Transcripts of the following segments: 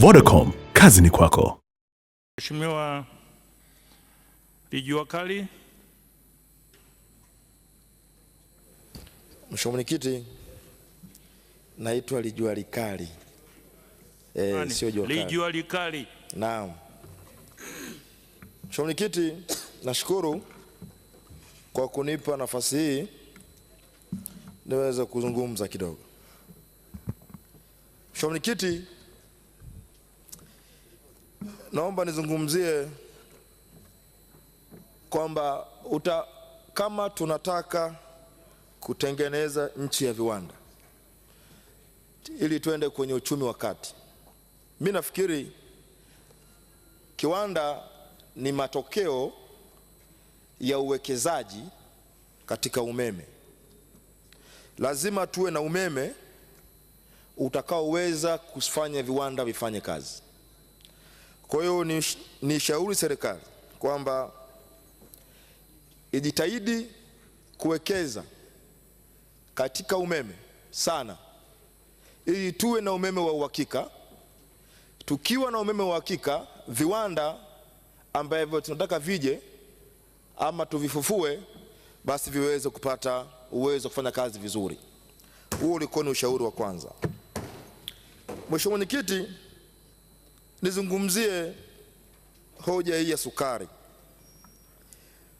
Vodacom, kazi ni kwako. Mheshimiwa Lijua Kali. Mheshimiwa Mwenyekiti, naitwa Lijua Likali. Eh, sio jua kali. Lijua Likali. Naam. Mheshimiwa Mwenyekiti, nashukuru kwa kunipa nafasi hii niweze kuzungumza kidogo. Mheshimiwa Mwenyekiti naomba nizungumzie kwamba uta, kama tunataka kutengeneza nchi ya viwanda ili tuende kwenye uchumi wa kati, mi nafikiri kiwanda ni matokeo ya uwekezaji katika umeme. Lazima tuwe na umeme utakaoweza kufanya viwanda vifanye kazi. Kwa hiyo ni shauri serikali kwamba ijitahidi kuwekeza katika umeme sana, ili tuwe na umeme wa uhakika. Tukiwa na umeme wa uhakika, viwanda ambavyo tunataka vije ama tuvifufue, basi viweze kupata uwezo wa kufanya kazi vizuri. Huo ulikuwa ni ushauri wa kwanza, Mheshimiwa Mwenyekiti. Nizungumzie hoja hii ya sukari.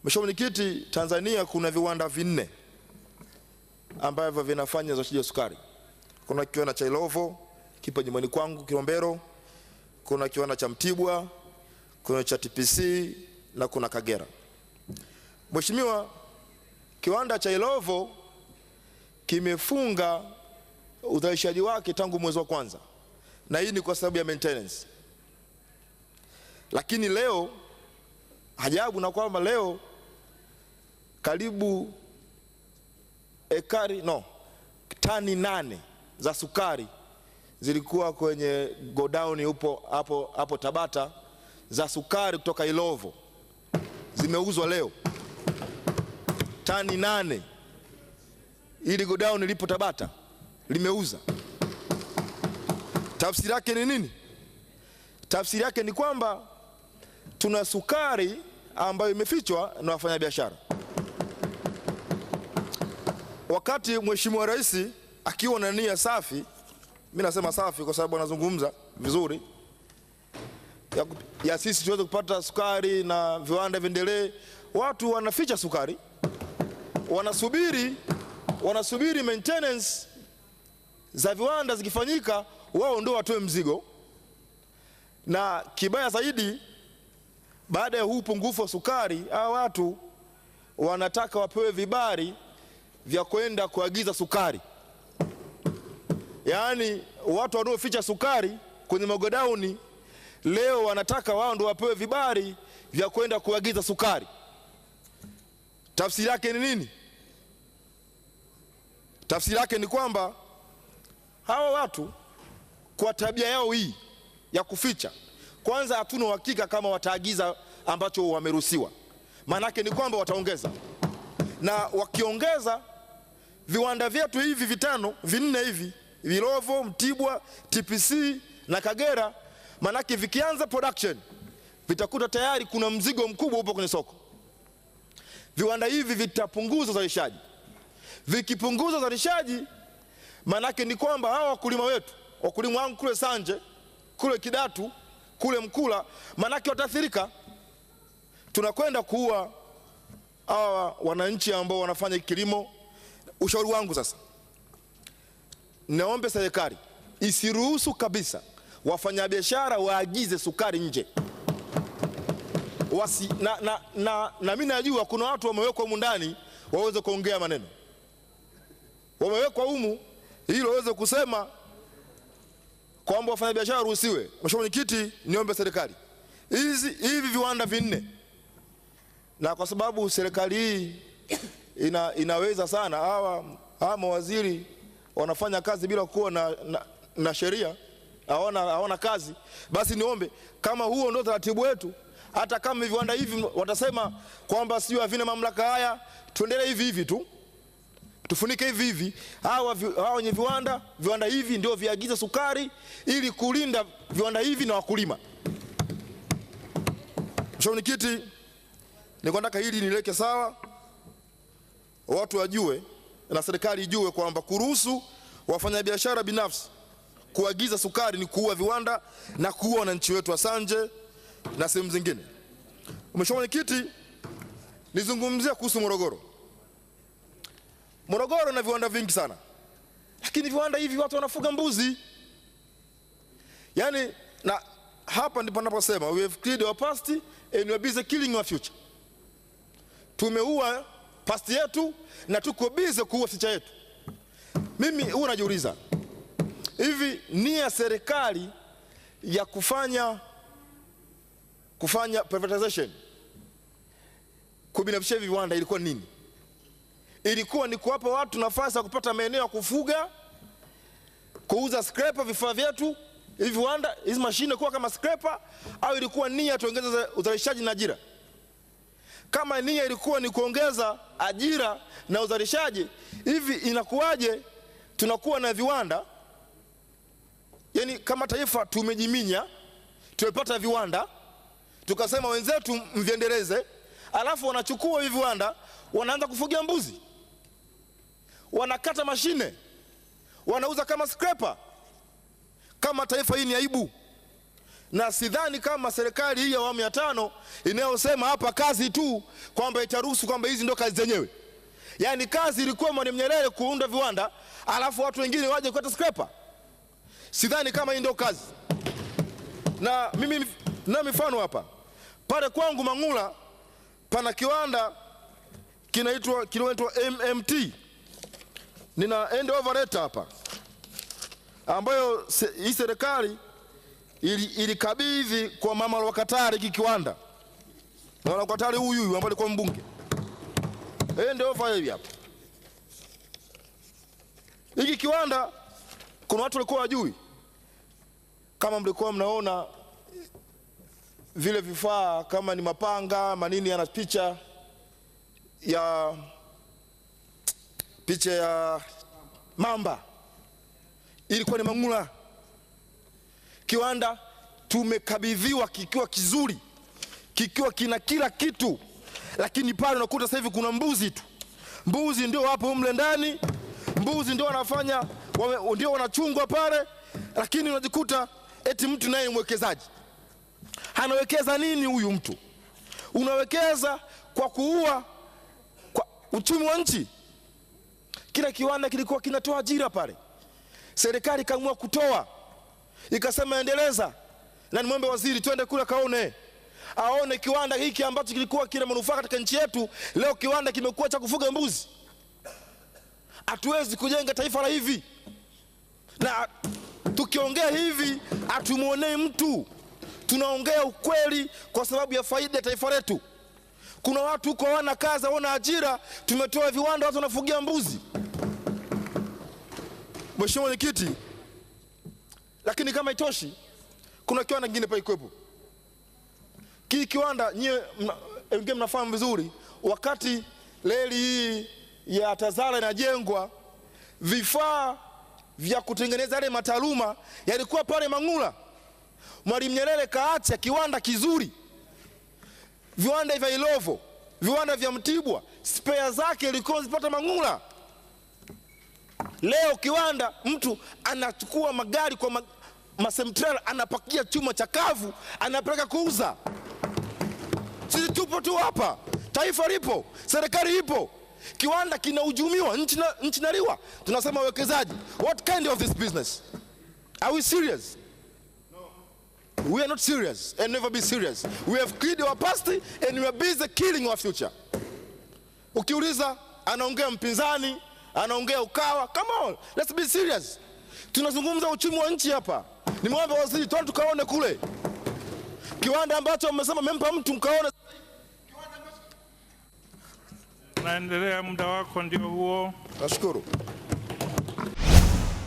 Mheshimiwa Mwenyekiti, Tanzania kuna viwanda vinne ambavyo vinafanya uzalishaji wa sukari. Kuna kiwanda cha Ilovo kipo nyumbani kwangu Kilombero, kuna kiwanda cha Mtibwa, kuna cha TPC na kuna Kagera. Mheshimiwa, kiwanda cha Ilovo kimefunga uzalishaji wake tangu mwezi wa kwanza, na hii ni kwa sababu ya maintenance. Lakini leo ajabu na kwamba leo karibu ekari no tani nane za sukari zilikuwa kwenye godown upo hapo hapo Tabata za sukari kutoka Ilovo zimeuzwa leo tani nane. Ili godown lipo Tabata limeuza. Tafsiri yake ni nini? Tafsiri yake ni kwamba tuna sukari ambayo imefichwa na wafanyabiashara. Wakati Mheshimiwa Rais akiwa na nia safi, mimi nasema safi kwa sababu anazungumza vizuri ya, ya sisi tuweze kupata sukari na viwanda viendelee, watu wanaficha sukari, wanasubiri wanasubiri maintenance za viwanda zikifanyika, wao ndio watoe mzigo, na kibaya zaidi baada ya huu upungufu wa sukari, hawa watu wanataka wapewe vibali vya kwenda kuagiza sukari. Yaani watu wanaoficha sukari kwenye magodauni leo wanataka wao ndio wapewe vibali vya kwenda kuagiza sukari. Tafsiri yake ni nini? Tafsiri yake ni kwamba hawa watu kwa tabia yao hii ya kuficha kwanza hatuna uhakika kama wataagiza ambacho wameruhusiwa, maanake ni kwamba wataongeza, na wakiongeza viwanda vyetu hivi vitano vinne hivi Vilovo, Mtibwa, TPC na Kagera, maanake vikianza production vitakuta tayari kuna mzigo mkubwa upo kwenye soko. Viwanda hivi vitapunguza uzalishaji. Vikipunguza uzalishaji, maanake ni kwamba hawa wakulima wetu, wakulima wangu kule Sanje, kule Kidatu kule Mkula, manake wataathirika. Tunakwenda kuua hawa wananchi ambao wanafanya kilimo. Ushauri wangu sasa, naombe serikali isiruhusu kabisa wafanyabiashara waagize sukari nje wasi, na, na, na, na mimi najua kuna watu wamewekwa humu ndani waweze kuongea maneno, wamewekwa humu ili waweze kusema kwamba wafanyabiashara waruhusiwe. Mheshimiwa Mwenyekiti, niombe serikali hizi hivi viwanda vinne, na kwa sababu serikali hii ina, inaweza sana, hawa hawa mawaziri wanafanya kazi bila kuwa na, na, na sheria, hawana hawana kazi. Basi niombe kama huo ndio taratibu wetu, hata kama viwanda hivi watasema kwamba sio havina mamlaka haya, tuendelee hivi hivi tu tufunike hivi hivi, hawa wenye viwanda viwanda hivi ndio viagiza sukari ili kulinda viwanda hivi na wakulima. Mheshimiwa Mwenyekiti, nilikuwa nataka hili nileke sawa, watu wajue na serikali ijue kwamba kuruhusu wafanyabiashara binafsi kuagiza sukari ni kuua viwanda na kuua wananchi wetu wa Sanje na sehemu zingine. Mheshimiwa Mwenyekiti, nizungumzia kuhusu Morogoro. Morogoro na viwanda vingi sana, lakini viwanda hivi watu wanafuga mbuzi yani, na hapa ndipo naposema we have killed our past and we are busy killing our future. Tumeua past yetu na tuko busy kuua future yetu. Mimi huwa najiuliza hivi, nia serikali ya kufanya kufanya privatization kubinafsisha hivi viwanda ilikuwa nini? ilikuwa ni kuwapa watu nafasi ya kupata maeneo ya kufuga, kuuza scraper, vifaa vyetu hivi viwanda, hizi mashine kuwa kama scraper, au ilikuwa nia tuongeze uzalishaji na ajira? Kama nia ilikuwa ni kuongeza ajira na uzalishaji, hivi inakuwaje tunakuwa na viwanda? Yaani kama taifa tumejiminya, tumepata viwanda, tukasema wenzetu mviendeleze, alafu wanachukua hivi viwanda wanaanza kufugia mbuzi wanakata mashine, wanauza kama scraper. Kama taifa hii ni aibu, na sidhani kama serikali hii ya awamu ya tano inayosema hapa kazi tu kwamba itaruhusu kwamba hizi ndio kazi zenyewe. Yaani kazi ilikuwa Mwalimu Nyerere kuunda viwanda, alafu watu wengine waje kukata scraper. Sidhani kama hii ndio kazi. Na mimi na mifano hapa pale kwangu Mang'ula pana kiwanda kinaitwa kinaitwa MMT nina end over letter hapa ambayo se, hii serikali ilikabidhi kwa mama Lwakatari kikiwanda, mama Lwakatari huyu huyu ambaye alikuwa mbunge. end over hivi hapa, hiki kiwanda kuna watu walikuwa wajui, kama mlikuwa mnaona vile vifaa kama ni mapanga manini, yana picha ya picha ya mamba ilikuwa ni Mang'ula. Kiwanda tumekabidhiwa kikiwa kizuri, kikiwa kina kila kitu, lakini pale unakuta sasa hivi kuna mbuzi tu. Mbuzi ndio wapo mle ndani, mbuzi ndio wanafanya wame, ndio wanachungwa pale, lakini unajikuta eti mtu naye ni mwekezaji. Anawekeza nini huyu mtu? Unawekeza kwa kuua kwa uchumi wa nchi kila kiwanda kilikuwa kinatoa ajira pale. Serikali ikaamua kutoa, ikasema endeleza, na nimwombe waziri twende kule kaone aone kiwanda hiki ambacho kilikuwa kina manufaa katika nchi yetu, leo kiwanda kimekuwa cha kufuga mbuzi. Hatuwezi kujenga taifa la hivi, na tukiongea hivi hatumwonei mtu, tunaongea ukweli kwa sababu ya faida ya taifa letu. Kuna watu huko hawana kazi, hawana ajira, tumetoa viwanda, watu wanafugia mbuzi. Mheshimiwa Mwenyekiti, lakini kama itoshi, kuna kiwanda kingine pale kwepo. Kii kiwanda nyie wengine mnafahamu vizuri, wakati reli hii ya Tazara inajengwa, vifaa vya kutengeneza yale mataaluma yalikuwa pale Mang'ula. Mwalimu Nyerere kaacha kiwanda kizuri, viwanda vya Ilovo, viwanda vya Mtibwa, spea zake ilikuwa zipata Mang'ula. Leo kiwanda mtu anachukua magari kwa mag masemtrela anapakia chuma cha kavu anapeleka kuuza. Sisi tupo tu hapa, taifa lipo, serikali ipo, kiwanda kinahujumiwa, nchi naliwa. Tunasema wawekezaji, what kind of this business are we serious? No. We are not serious and never be serious. We have killed our past and we are busy killing our future. Ukiuliza anaongea mpinzani anaongea Ukawa. Come on, let's be serious. Tunazungumza uchumi wa nchi hapa. Nimeomba waziri twende tukaone kule kiwanda ambacho wamesema mempa mtu mkaone. Naendelea, muda wako ndio huo. Nashukuru.